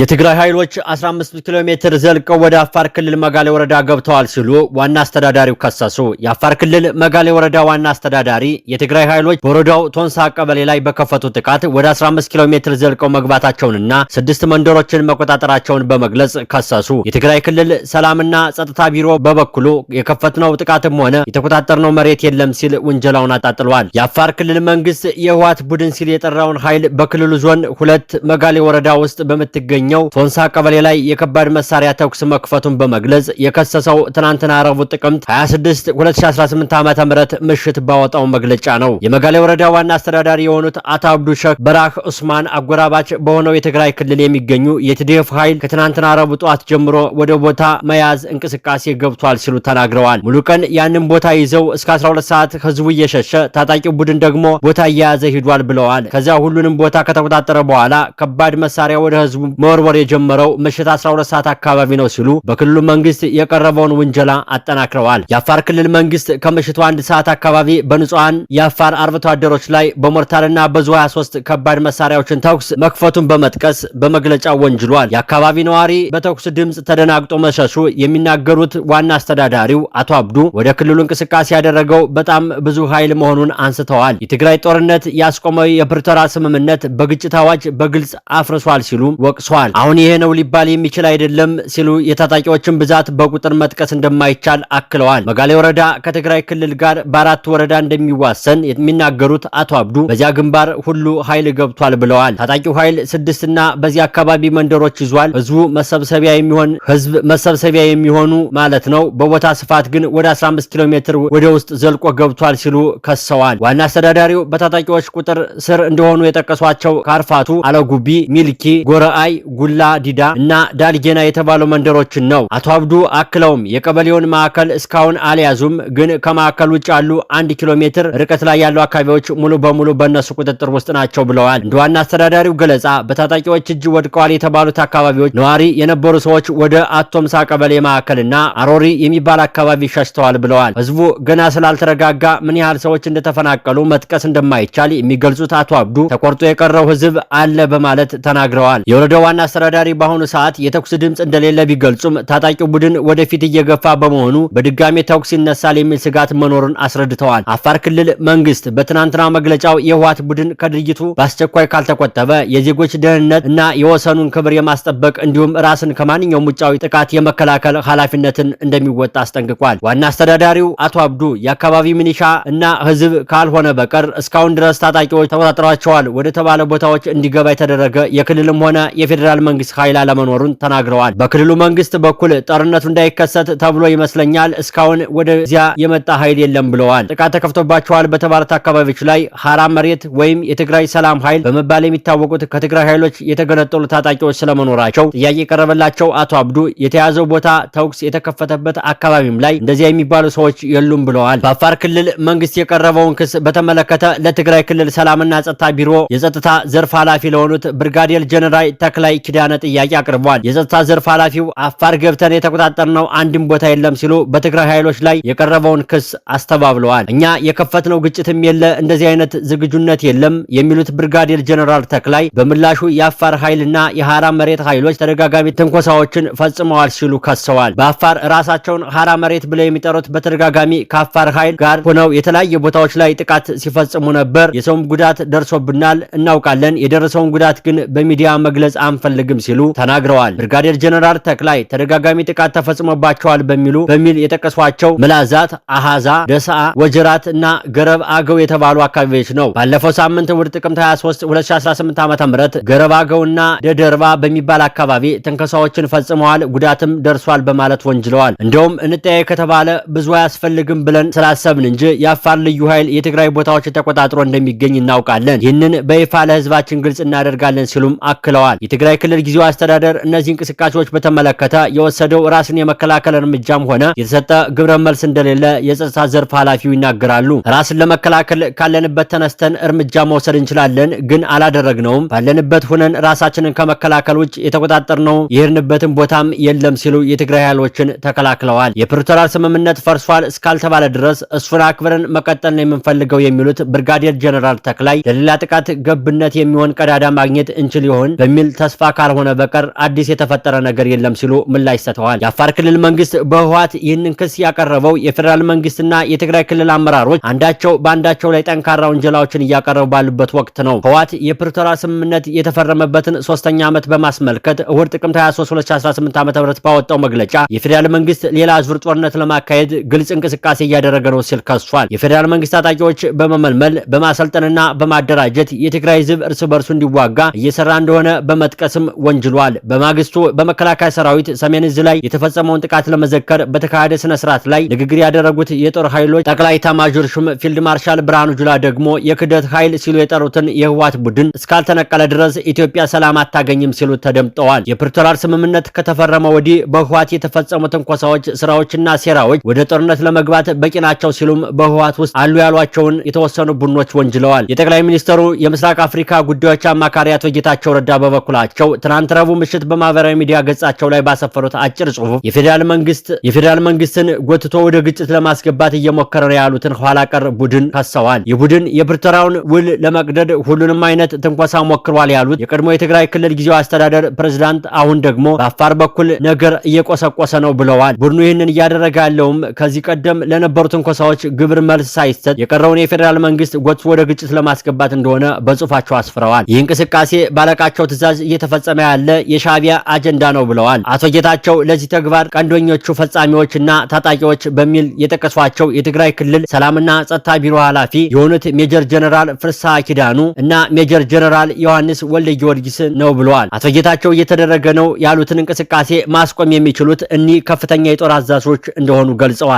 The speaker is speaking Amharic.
የትግራይ ኃይሎች 15 ኪሎ ሜትር ዘልቀው ወደ አፋር ክልል መጋሌ ወረዳ ገብተዋል ሲሉ ዋና አስተዳዳሪው ከሰሱ። የአፋር ክልል መጋሌ ወረዳ ዋና አስተዳዳሪ የትግራይ ኃይሎች በወረዳው ቶንሳ ቀበሌ ላይ በከፈቱ ጥቃት ወደ 15 ኪሎ ሜትር ዘልቀው መግባታቸውንና ስድስት መንደሮችን መቆጣጠራቸውን በመግለጽ ከሰሱ። የትግራይ ክልል ሰላምና ጸጥታ ቢሮ በበኩሉ የከፈትነው ጥቃትም ሆነ የተቆጣጠርነው መሬት የለም ሲል ውንጀላውን አጣጥሏል። የአፋር ክልል መንግስት የህወሓት ቡድን ሲል የጠራውን ኃይል በክልሉ ዞን ሁለት መጋሌ ወረዳ ውስጥ በምትገኝ በሚገኘው ቶንሳ ቀበሌ ላይ የከባድ መሳሪያ ተኩስ መክፈቱን በመግለጽ የከሰሰው ትናንትና ረቡዕ ጥቅምት 26 2018 ዓ.ም ምሽት ባወጣው መግለጫ ነው። የመጋሌ ወረዳ ዋና አስተዳዳሪ የሆኑት አቶ አብዱ ሸክ በራህ ኡስማን አጎራባች በሆነው የትግራይ ክልል የሚገኙ የትዲፍ ኃይል ከትናንትና ረቡዕ ጠዋት ጀምሮ ወደ ቦታ መያዝ እንቅስቃሴ ገብቷል ሲሉ ተናግረዋል። ሙሉ ቀን ያንን ቦታ ይዘው እስከ 12 ሰዓት ህዝቡ እየሸሸ ታጣቂው ቡድን ደግሞ ቦታ እየያዘ ሂዷል ብለዋል። ከዚያ ሁሉንም ቦታ ከተቆጣጠረ በኋላ ከባድ መሳሪያ ወደ ህዝቡ መወርወር የጀመረው ምሽት 12 ሰዓት አካባቢ ነው ሲሉ በክልሉ መንግስት የቀረበውን ውንጀላ አጠናክረዋል። የአፋር ክልል መንግስት ከምሽቱ አንድ ሰዓት አካባቢ በንጹሐን የአፋር አርብቶ አደሮች ላይ በሞርታርና በዙ 23 ከባድ መሳሪያዎችን ተኩስ መክፈቱን በመጥቀስ በመግለጫው ወንጅሏል። የአካባቢ ነዋሪ በተኩስ ድምፅ ተደናግጦ መሸሹ የሚናገሩት ዋና አስተዳዳሪው አቶ አብዱ ወደ ክልሉ እንቅስቃሴ ያደረገው በጣም ብዙ ኃይል መሆኑን አንስተዋል። የትግራይ ጦርነት ያስቆመው የፕሪቶሪያ ስምምነት በግጭት አዋጅ በግልጽ አፍርሷል ሲሉ ወቅሷል። አስታውቀዋል። አሁን ይሄ ነው ሊባል የሚችል አይደለም ሲሉ የታጣቂዎችን ብዛት በቁጥር መጥቀስ እንደማይቻል አክለዋል። መጋሌ ወረዳ ከትግራይ ክልል ጋር በአራት ወረዳ እንደሚዋሰን የሚናገሩት አቶ አብዱ በዚያ ግንባር ሁሉ ኃይል ገብቷል ብለዋል። ታጣቂው ኃይል ስድስትና በዚህ አካባቢ መንደሮች ይዟል። ህዝቡ መሰብሰቢያ የሚሆን ህዝብ መሰብሰቢያ የሚሆኑ ማለት ነው። በቦታ ስፋት ግን ወደ 15 ኪሎ ሜትር ወደ ውስጥ ዘልቆ ገብቷል ሲሉ ከሰዋል። ዋና አስተዳዳሪው በታጣቂዎች ቁጥር ስር እንደሆኑ የጠቀሷቸው ካርፋቱ፣ አለጉቢ፣ ሚልኪ፣ ጎረአይ፣ ጉላ ዲዳ እና ዳልጌና የተባሉ መንደሮችን ነው። አቶ አብዱ አክለውም የቀበሌውን ማዕከል እስካሁን አልያዙም፣ ግን ከማዕከል ውጭ ያሉ አንድ ኪሎ ሜትር ርቀት ላይ ያሉ አካባቢዎች ሙሉ በሙሉ በእነሱ ቁጥጥር ውስጥ ናቸው ብለዋል። እንደ ዋና አስተዳዳሪው ገለጻ በታጣቂዎች እጅ ወድቀዋል የተባሉት አካባቢዎች ነዋሪ የነበሩ ሰዎች ወደ አቶምሳ ቀበሌ ማዕከልና አሮሪ የሚባል አካባቢ ሸሽተዋል ብለዋል። ህዝቡ ገና ስላልተረጋጋ ምን ያህል ሰዎች እንደተፈናቀሉ መጥቀስ እንደማይቻል የሚገልጹት አቶ አብዱ ተቆርጦ የቀረው ህዝብ አለ በማለት ተናግረዋል። የወረደ ዋና ዋና አስተዳዳሪ በአሁኑ ሰዓት የተኩስ ድምፅ እንደሌለ ቢገልጹም ታጣቂው ቡድን ወደፊት እየገፋ በመሆኑ በድጋሜ ተኩስ ይነሳል የሚል ስጋት መኖሩን አስረድተዋል። አፋር ክልል መንግስት በትናንትና መግለጫው የህወሓት ቡድን ከድርጅቱ በአስቸኳይ ካልተቆጠበ የዜጎች ደህንነት እና የወሰኑን ክብር የማስጠበቅ እንዲሁም ራስን ከማንኛውም ውጫዊ ጥቃት የመከላከል ኃላፊነትን እንደሚወጣ አስጠንቅቋል። ዋና አስተዳዳሪው አቶ አብዱ የአካባቢ ሚኒሻ እና ህዝብ ካልሆነ በቀር እስካሁን ድረስ ታጣቂዎች ተቆጣጥሯቸዋል ወደ ተባለ ቦታዎች እንዲገባ የተደረገ የክልልም ሆነ የፌዴራል የፌዴራል መንግስት ኃይል አለመኖሩን ተናግረዋል። በክልሉ መንግስት በኩል ጦርነቱ እንዳይከሰት ተብሎ ይመስለኛል እስካሁን ወደዚያ የመጣ ኃይል የለም ብለዋል። ጥቃት ተከፍቶባቸዋል በተባሉት አካባቢዎች ላይ ሀራ መሬት ወይም የትግራይ ሰላም ኃይል በመባል የሚታወቁት ከትግራይ ኃይሎች የተገነጠሉ ታጣቂዎች ስለመኖራቸው ጥያቄ የቀረበላቸው አቶ አብዱ የተያዘው ቦታ ተኩስ የተከፈተበት አካባቢም ላይ እንደዚያ የሚባሉ ሰዎች የሉም ብለዋል። በአፋር ክልል መንግስት የቀረበውን ክስ በተመለከተ ለትግራይ ክልል ሰላምና ጸጥታ ቢሮ የጸጥታ ዘርፍ ኃላፊ ለሆኑት ብርጋዴር ጀነራል ተክላይ ኪዳነ ጥያቄ አቅርቧል። የጸጥታ ዘርፍ ኃላፊው አፋር ገብተን የተቆጣጠርነው አንድም ቦታ የለም ሲሉ በትግራይ ኃይሎች ላይ የቀረበውን ክስ አስተባብለዋል። እኛ የከፈትነው ግጭትም የለ እንደዚህ አይነት ዝግጁነት የለም የሚሉት ብርጋዴር ጀኔራል ተክላይ በምላሹ የአፋር ኃይልና የሐራ መሬት ኃይሎች ተደጋጋሚ ትንኮሳዎችን ፈጽመዋል ሲሉ ከሰዋል። በአፋር ራሳቸውን ሐራ መሬት ብለው የሚጠሩት በተደጋጋሚ ከአፋር ኃይል ጋር ሆነው የተለያየ ቦታዎች ላይ ጥቃት ሲፈጽሙ ነበር። የሰውም ጉዳት ደርሶብናል፣ እናውቃለን። የደረሰውን ጉዳት ግን በሚዲያ መግለጽ አንፈ አልፈልግም ሲሉ ተናግረዋል። ብርጋዴር ጀነራል ተክላይ ተደጋጋሚ ጥቃት ተፈጽሞባቸዋል በሚሉ በሚል የጠቀሷቸው ምላዛት፣ አሃዛ፣ ደስዓ፣ ወጀራት እና ገረብ አገው የተባሉ አካባቢዎች ነው። ባለፈው ሳምንት ውድ ጥቅምት 23 2018 ዓ.ም ገረብ አገውና ደደርባ በሚባል አካባቢ ትንከሳዎችን ፈጽመዋል፣ ጉዳትም ደርሷል በማለት ወንጅለዋል። እንደውም እንጠያይ ከተባለ ብዙ አያስፈልግም ብለን ስላሰብን እንጂ የአፋር ልዩ ኃይል የትግራይ ቦታዎች ተቆጣጥሮ እንደሚገኝ እናውቃለን። ይህንን በይፋ ለህዝባችን ግልጽ እናደርጋለን ሲሉም አክለዋል። የትግራይ ክልል ጊዜያዊ አስተዳደር እነዚህ እንቅስቃሴዎች በተመለከተ የወሰደው ራስን የመከላከል እርምጃም ሆነ የተሰጠ ግብረ መልስ እንደሌለ የጸጥታ ዘርፍ ኃላፊው ይናገራሉ። ራስን ለመከላከል ካለንበት ተነስተን እርምጃ መውሰድ እንችላለን፣ ግን አላደረግነውም። ባለንበት ሆነን ራሳችንን ከመከላከል ውጭ የተቆጣጠርነው የሄድንበትን ቦታም የለም ሲሉ የትግራይ ኃይሎችን ተከላክለዋል። የፕሪቶሪያ ስምምነት ፈርሷል እስካልተባለ ድረስ እሱን አክብረን መቀጠል ነው የምንፈልገው የሚሉት ብርጋዴር ጀኔራል ተክላይ ለሌላ ጥቃት ገብነት የሚሆን ቀዳዳ ማግኘት እንችል ይሆን በሚል ተስፋ ካልሆነ በቀር አዲስ የተፈጠረ ነገር የለም ሲሉ ምላሽ ሰጥተዋል። የአፋር ክልል መንግስት በህወሓት ይህንን ክስ ያቀረበው የፌዴራል መንግስትና የትግራይ ክልል አመራሮች አንዳቸው በአንዳቸው ላይ ጠንካራ ውንጀላዎችን እያቀረቡ ባሉበት ወቅት ነው። ህወሓት የፕሪቶሪያ ስምምነት የተፈረመበትን ሶስተኛ ዓመት በማስመልከት እሁድ ጥቅምት 23 2018 ዓ.ም ባወጣው መግለጫ የፌዴራል መንግስት ሌላ ዙር ጦርነት ለማካሄድ ግልጽ እንቅስቃሴ እያደረገ ነው ሲል ከሷል። የፌዴራል መንግስት ታጣቂዎች በመመልመል በማሰልጠንና በማደራጀት የትግራይ ህዝብ እርስ በርሱ እንዲዋጋ እየሰራ እንደሆነ በመጥቀስ በመጥቀስም ወንጅሏል። በማግስቱ በመከላከያ ሰራዊት ሰሜን እዝ ላይ የተፈጸመውን ጥቃት ለመዘከር በተካሄደ ስነ ስርዓት ላይ ንግግር ያደረጉት የጦር ኃይሎች ጠቅላይ ኤታማዦር ሹም ፊልድ ማርሻል ብርሃኑ ጁላ ደግሞ የክደት ኃይል ሲሉ የጠሩትን የህወሓት ቡድን እስካልተነቀለ ድረስ ኢትዮጵያ ሰላም አታገኝም ሲሉ ተደምጠዋል። የፕሪቶሪያ ስምምነት ከተፈረመ ወዲህ በህወሓት የተፈጸሙ ትንኮሳዎች፣ ስራዎችና ሴራዎች ወደ ጦርነት ለመግባት በቂ ናቸው ሲሉም በህወሓት ውስጥ አሉ ያሏቸውን የተወሰኑ ቡድኖች ወንጅለዋል። የጠቅላይ ሚኒስትሩ የምስራቅ አፍሪካ ጉዳዮች አማካሪ አቶ ጌታቸው ረዳ በበኩላቸው መሆናቸው ትናንት ረቡዕ ምሽት በማህበራዊ ሚዲያ ገጻቸው ላይ ባሰፈሩት አጭር ጽሁፍ የፌዴራል መንግስት የፌዴራል መንግስትን ጎትቶ ወደ ግጭት ለማስገባት እየሞከረ ነው ያሉትን ኋላ ቀር ቡድን ከሰዋል። ይህ ቡድን የፕሪቶሪያውን ውል ለመቅደድ ሁሉንም አይነት ትንኮሳ ሞክሯል ያሉት የቀድሞ የትግራይ ክልል ጊዜያዊ አስተዳደር ፕሬዝዳንት አሁን ደግሞ በአፋር በኩል ነገር እየቆሰቆሰ ነው ብለዋል። ቡድኑ ይህንን እያደረገ ያለውም ከዚህ ቀደም ለነበሩ ትንኮሳዎች ግብር መልስ ሳይሰጥ የቀረውን የፌዴራል መንግስት ጎትቶ ወደ ግጭት ለማስገባት እንደሆነ በጽሁፋቸው አስፍረዋል። ይህ እንቅስቃሴ ባለቃቸው ትዕዛዝ እየተ እየተፈጸመ ያለ የሻቢያ አጀንዳ ነው ብለዋል። አቶ ጌታቸው ለዚህ ተግባር ቀንደኞቹ ፈጻሚዎችና ታጣቂዎች በሚል የጠቀሷቸው የትግራይ ክልል ሰላምና ጸጥታ ቢሮ ኃላፊ የሆኑት ሜጀር ጀነራል ፍርሳ ኪዳኑ እና ሜጀር ጀነራል ዮሐንስ ወልደ ጊዮርጊስ ነው ብለዋል። አቶ ጌታቸው እየተደረገ ነው ያሉትን እንቅስቃሴ ማስቆም የሚችሉት እኒህ ከፍተኛ የጦር አዛዦች እንደሆኑ ገልጸዋል።